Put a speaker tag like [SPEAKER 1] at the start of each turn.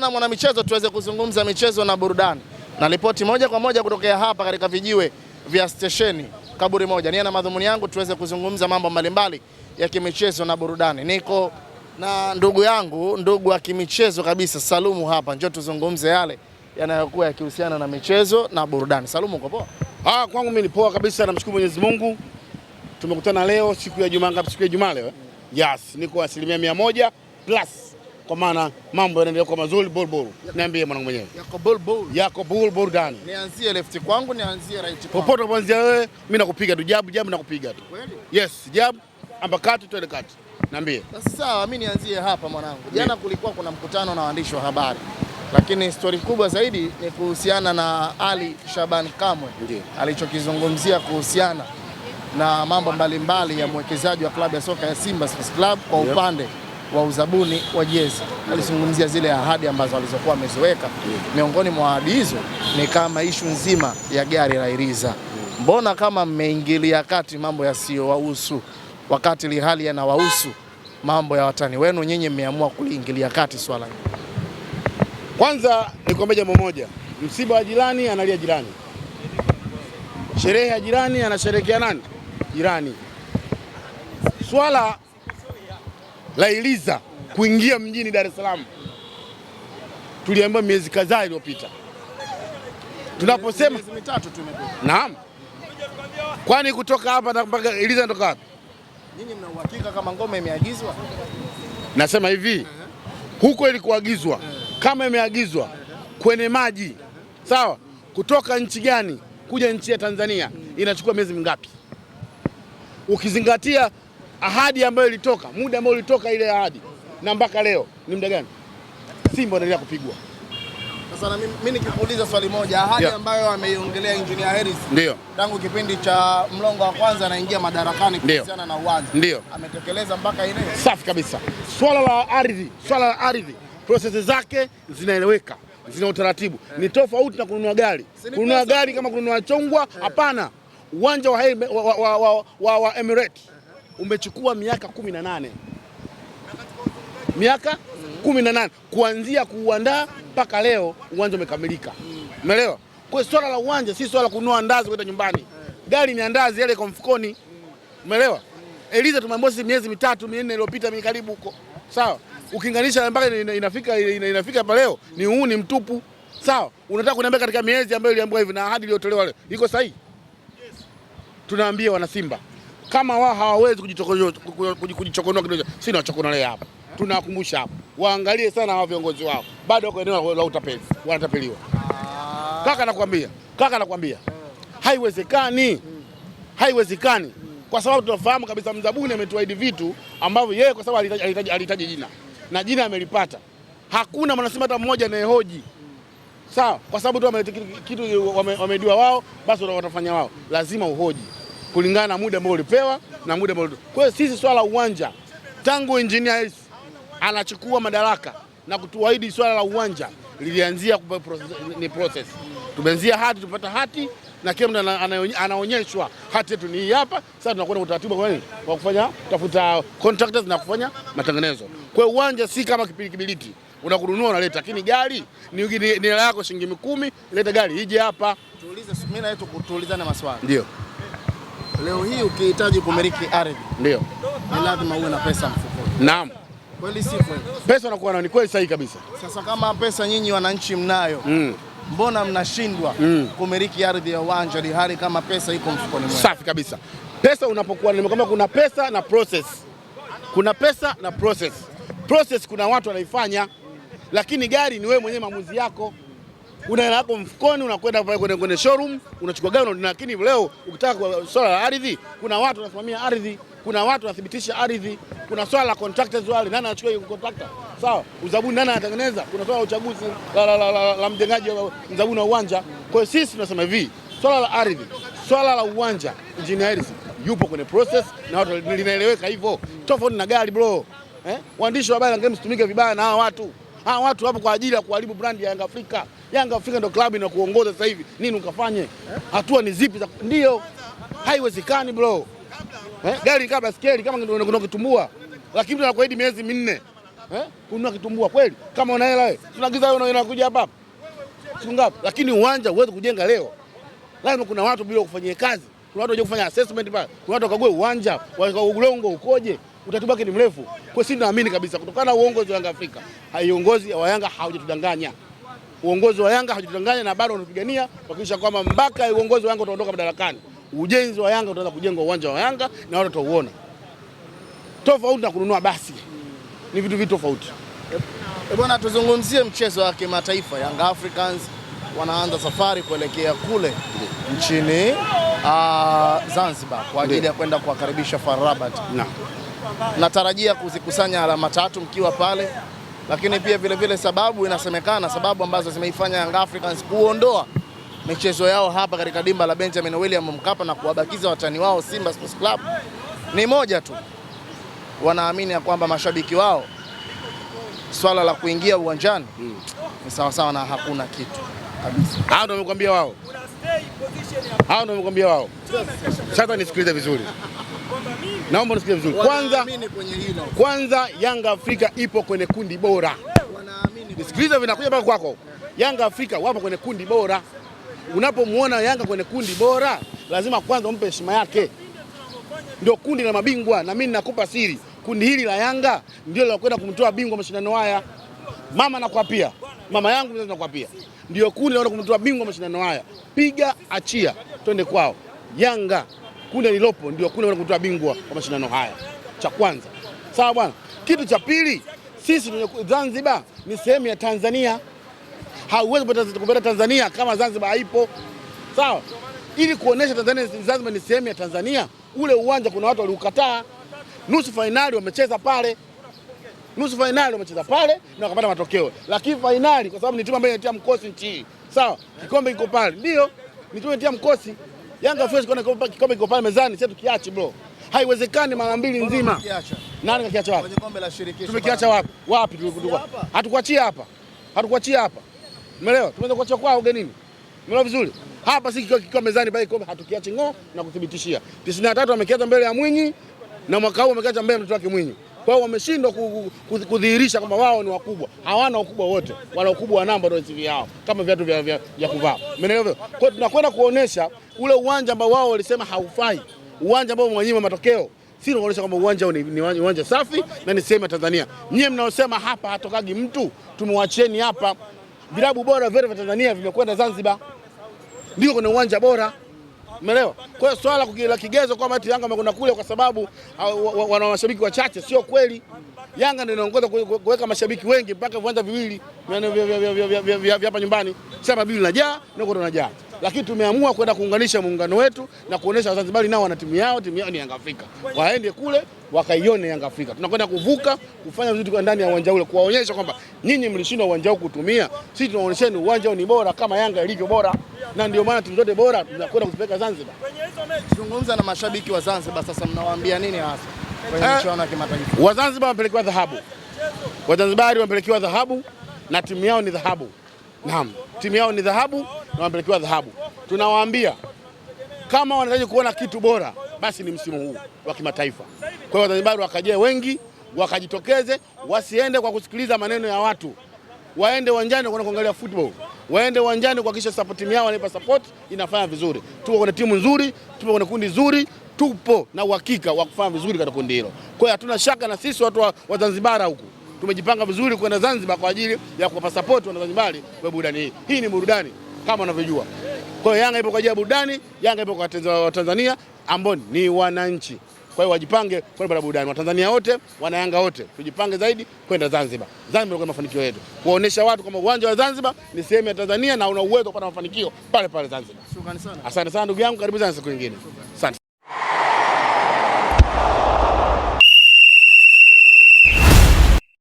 [SPEAKER 1] sana mwanamichezo, tuweze kuzungumza michezo na burudani na ripoti moja kwa moja kutokea hapa katika vijiwe vya stesheni kaburi moja. Nia na madhumuni yangu tuweze kuzungumza mambo mbalimbali ya kimichezo na burudani. Niko na ndugu yangu, ndugu wa kimichezo kabisa, Salumu hapa. Njoo tuzungumze yale yanayokuwa yakihusiana na michezo na burudani. Salumu, uko poa?
[SPEAKER 2] Ah, kwangu mimi poa kabisa, namshukuru Mwenyezi Mungu. Tumekutana leo siku ya Jumaa, ngapi? Siku ya Jumaa leo. Eh? Yes, niko asilimia mia moja plus kwa maana mambo yanaendelea kwa mazuri bolbol. Niambie mwanangu mwenyewe,
[SPEAKER 1] yako bolbol,
[SPEAKER 2] yako bolbol gani?
[SPEAKER 1] Nianzie left kwangu, nianzie right
[SPEAKER 2] kwangu, popote kuanzia wewe, mimi nakupiga tu jabu jabu, nakupiga tu kweli. Yes jabu amba kati, twende kati, niambie
[SPEAKER 1] sasa. Sawa, mimi nianzie hapa mwanangu. Jana kulikuwa kuna mkutano na waandishi wa habari, lakini stori kubwa zaidi ni kuhusiana na Ali Shaban Kamwe alichokizungumzia kuhusiana na mambo mbalimbali ya mwekezaji wa klabu ya soka ya Simba Sports Club kwa upande yep wa uzabuni wa jezi alizungumzia zile ahadi ambazo alizokuwa wameziweka Miongoni mwa ahadi hizo ni kama ishu nzima ya gari la Iriza. Mbona kama mmeingilia kati mambo yasiyowahusu, wakati lihali yanawahusu mambo ya watani wenu, nyinyi mmeamua kuliingilia kati swala hili?
[SPEAKER 2] Kwanza nikwambia jambo moja, msiba wa jirani analia jirani, sherehe ya jirani anasherekea nani? Jirani. Swala la Iliza kuingia mjini Dar es Salaam, tuliambiwa miezi kadhaa iliyopita. Tunaposema miezi mitatu Naam. Kwani kutoka hapa na mpaka Iliza ndoka wapi?
[SPEAKER 1] Nyinyi mna uhakika kama ngoma imeagizwa?
[SPEAKER 2] Nasema hivi huko ilikuagizwa, kama imeagizwa kwenye maji sawa, kutoka nchi gani kuja nchi ya Tanzania inachukua miezi mingapi? Ukizingatia ahadi ambayo ilitoka muda ambao ulitoka ile ahadi na mpaka leo ni muda gani? Simba anaendelea kupigwa.
[SPEAKER 1] Sasa na mimi nikikuuliza swali moja, ahadi yeah, ambayo ameiongelea Engineer Harris ndio tangu kipindi cha mlongo wa kwanza anaingia madarakani kuhusiana na uwanja ndio ametekeleza mpaka ile.
[SPEAKER 2] Safi kabisa. Swala la ardhi, swala la ardhi prosesi zake zinaeleweka, zina utaratibu yeah. Ni tofauti na kununua gari. Kununua gari kama kununua chungwa, hapana. Yeah. Uwanja wa, wa, wa, wa, wa, wa Emirates yeah umechukua miaka kumi na nane miaka kumi na nane kuanzia kuandaa mpaka leo uwanja umekamilika, umeelewa? Kwa swala la uwanja si swala kunua ndazi kwenda nyumbani, gari ni andazi yale kwa mfukoni, umeelewa? Eliza tumeambiwa miezi mitatu minne iliyopita mimi karibu huko, sawa? Ukilinganisha mpaka inafika inafika hapa leo ni huu ni mtupu, sawa? Unataka kuniambia katika miezi ambayo iliambiwa hivi na ahadi iliyotolewa leo iko sahihi? Yes. Tunaambia wana Simba kama wao hawawezi kujichokonoa kidogo, si nawachokonoa leo hapa. Tunawakumbusha hapa waangalie sana hawa viongozi wao, bado wako eneo la utapeli, wanatapeliwa. Kaka nakwambia, kaka nakwambia, haiwezekani, haiwezekani kwa sababu tunafahamu kabisa mzabuni ametuahidi vitu ambavyo yeye kwa sababu alihitaji, alihitaji jina na jina amelipata. Hakuna mwanasema hata mmoja anayehoji sawa, kwa sababu tu kitu wamejua wao, basi watafanya wao, lazima uhoji kulingana na muda ambao ulipewa na muda ambao. Kwa hiyo sisi swala la uwanja tangu engineer Hersi anachukua madaraka na kutuahidi swala la uwanja lilianzia ni process. Tumeanzia hati, tupata hati na kila mtu anaonyeshwa hati yetu ni hii hapa. Sasa tunakwenda utaratibu wa kufanya tafuta contractors na kufanya matengenezo. Kwa hiyo uwanja si kama kipilikibiliti unakununua unaleta, lakini gari ni hela yako shilingi 10,000 leta gari ije hapa.
[SPEAKER 1] Tuulize mimi na yetu kutuulizana maswali. Ndio. Leo hii ukihitaji kumiliki ardhi ndio ni lazima uwe na pesa mfukoni. Naam. Kweli si kweli?
[SPEAKER 2] Pesa unakuwa nayo ni kweli sahihi kabisa.
[SPEAKER 1] Sasa kama pesa nyinyi wananchi mnayo mm. mbona mnashindwa mm. kumiliki ardhi ya uwanja hali kama pesa iko mfukoni
[SPEAKER 2] mwenu? Safi kabisa. Pesa unapokuwa nimekwambia, kuna pesa na process, kuna pesa na process. Process kuna watu wanaifanya, lakini gari ni wewe mwenyewe, maamuzi yako una hela yako mfukoni, unakwenda pale kwenye kwenye showroom unachukua gari unaenda. Lakini leo ukitaka kwa swala la ardhi, kuna watu wanasimamia ardhi, kuna watu wanathibitisha ardhi, kuna swala la contractors wale, nani anachukua hiyo contractor sawa, uzabuni nani anatengeneza, kuna swala la uchaguzi la, la, la, la, la, la mjengaji, mzabuni wa uwanja. Kwa hiyo sisi tunasema hivi, swala la ardhi, swala la uwanja, engineers yupo kwenye process na watu linaeleweka hivyo, tofauti na gari bro. Eh, waandishi wa habari angeni vibaya na hawa watu hawa watu wapo kwa ajili ya kuharibu brandi ya Yanga Afrika. Yanga Afrika ndio klabu inakuongoza sasa hivi, nini ukafanye? Hatua ni zipi za ndio? Haiwezekani bro, eh? Gari kama skeli kama ndio kitumbua, lakini mtu tunakuahidi miezi minne eh? Kununua kitumbua kweli? Kama una hela wewe, tunagiza wewe unakuja hapa ngapi? Lakini uwanja uweze kujenga leo, lazima kuna watu bila kufanyia kazi, kuna watu waje kufanya assessment pale, kuna watu wakague uwanja wa ulongo ukoje utaratibu wake ni mrefu. Kwa sisi tunaamini kabisa kutokana na uongozi wa Yanga Afrika, haiongozi wa Yanga haujatudanganya, uongozi wa Yanga haujatudanganya na bado wanatupigania kuhakikisha kwamba mpaka uongozi wa Yanga utaondoka madarakani, ujenzi wa Yanga utaanza kujengwa, uwanja wa Yanga na watu watauona. Tofauti na kununua basi, ni vitu vitu tofauti.
[SPEAKER 1] E bwana, tuzungumzie mchezo wa kimataifa. Yanga Africans wanaanza safari kuelekea kule nchini uh, Zanzibar kwa ajili ya kwenda kuwakaribisha FAR Rabat natarajia kuzikusanya alama tatu mkiwa pale, lakini pia vilevile vile sababu inasemekana, sababu ambazo zimeifanya Young Africans kuondoa michezo yao hapa katika dimba la Benjamin William Mkapa na kuwabakiza watani wao Simba Sports Club ni moja tu, wanaamini ya kwamba mashabiki wao swala la kuingia uwanjani hmm, ni sawasawa na hakuna kitu kabisa.
[SPEAKER 2] Hao ndio wamekwambia wao, hao ndio wamekwambia wao. Sasa nisikilize vizuri naomba nisikie vizuri kwanza, kwanza Yanga Afrika ipo kwenye kundi bora. Nisikilize, vinakuja mpaka kwako. Yanga Afrika wapo kwenye kundi bora. Unapomwona Yanga kwenye kundi bora, lazima kwanza umpe heshima yake. Ndio kundi la mabingwa, na mimi ninakupa siri, kundi hili la Yanga ndio lilokwenda kumtoa bingwa mashindano haya. Mama nakwapia, mama yangu mzazi, nakwapia, ndio kundi lilokwenda kumtoa bingwa mashindano haya. Piga achia, twende kwao Yanga kundi lilopo ndio kundi kutoa bingwa kwa mashindano haya, cha kwanza. Sawa bwana. Kitu cha pili, sisi Zanzibar ni sehemu ya Tanzania, hauwezi kupata Tanzania kama Zanzibar haipo. Sawa, ili kuonesha Tanzania, Zanzibar ni sehemu ya Tanzania, ule uwanja kuna watu waliukataa. Nusu fainali wamecheza pale, nusu fainali wamecheza pale na wakapata matokeo, lakini fainali, kwa sababu ni timu ambayo inatia mkosi nchi hii, sawa, kikombe kiko pale, ndio ni timu inatia mkosi. Yanga haiwezi kuona kikombe kiko pale mezani, sasa tukiache bro. Haiwezekani mara mbili nzima. Nani kakiacha wapi? Kwenye kombe la shirikisho. Tumekiacha wapi? Wapi tulikuwa? Hatukuachia hapa. Hatukuachia hapa. Umeelewa? Tumeweza kuachia kwao ugenini. Umeelewa vizuri? Hapa si kikombe mezani bali kombe hatukiachi ng'oo na kuthibitishia. 93 amekiacha mbele ya Mwinyi na mwaka huu amekiacha mbele ya mtoto wake Mwinyi. Kwa hiyo wameshindwa kudhihirisha kwamba wao ni wakubwa, hawana ukubwa wote, wana ukubwa wa namba ndio hivi yao, kama viatu vya, vya, vya kuvaa. Umeelewa? Kwa hiyo tunakwenda kuonesha ule uwanja ambao wao walisema haufai, uwanja ambao mwenyewe matokeo si kuonyesha kwamba uwanja ni, ni uwanja safi na ni sehemu ya Tanzania. Nyie mnaosema hapa hatokagi mtu, tumewacheni hapa. Vilabu bora vyote vya Tanzania vimekwenda Zanzibar, ndio kuna uwanja bora. Umeelewa? Kwa hiyo swala la kigezo kwamba eti Yanga amekwenda kule kwa sababu wana mashabiki wachache sio kweli. Yanga ndio inaongoza kuweka mashabiki wengi mpaka viwanja viwili vya hapa nyumbani, sema bili najaa kwa najaa, lakini tumeamua kwenda kuunganisha muungano wetu na kuonesha Wazanzibari nao wana timu yao. Timu yao ni Yanga Afrika, waende kule wakaione Yanga Afrika. Tunakwenda kuvuka kufanya vitu kwa ndani ya uwanja ule, kuwaonyesha kwamba nyinyi mlishindwa uwanja huu kutumia, sisi tunaonyesheni uwanja ni bora kama Yanga ilivyo bora na ndio maana timu zote bora tunakwenda kuzipeleka Zanzibar. Zungumza na mashabiki wa Zanzibar sasa, mnawaambia nini hasa kwenye eh, michuano ya kimataifa? Wa Zanzibar wamepelekewa dhahabu, Wazanzibari wamepelekewa dhahabu na timu yao ni dhahabu. Naam, timu yao ni dhahabu na wamepelekewa dhahabu. Tunawaambia kama wanahitaji kuona kitu bora, basi ni msimu huu wa kimataifa. Kwa hiyo Wazanzibari wakaje wengi, wakajitokeze, wasiende kwa kusikiliza maneno ya watu, waende uwanjani kuangalia football waende uwanjani kuhakikisha support timu yao wanaipa support inafanya vizuri. Tuko kwenye timu nzuri, tupo kwenye kundi nzuri, tupo na uhakika wa kufanya vizuri katika kundi hilo. Kwa hiyo hatuna shaka na sisi watu wa, Zanzibar huku tumejipanga vizuri kwenda Zanzibar kwa ajili ya kuwapa support Wazanzibari kwa burudani hii. Hii ni burudani kama unavyojua. Kwa hiyo Yanga ipo kwa ajili ya burudani, Yanga ipo kwa Tanzania ambao ni wananchi. Kwa hiyo wajipange kwenda na burudani, Watanzania wote, Wanayanga wote, tujipange zaidi kwenda Zanzibar. Zanzibar ndio mafanikio yetu, kuonesha watu kama uwanja wa Zanzibar ni sehemu ya Tanzania na una uwezo wa kupata mafanikio pale pale Zanzibar. Asante sana ndugu yangu, karibu sana siku nyingine. Asante.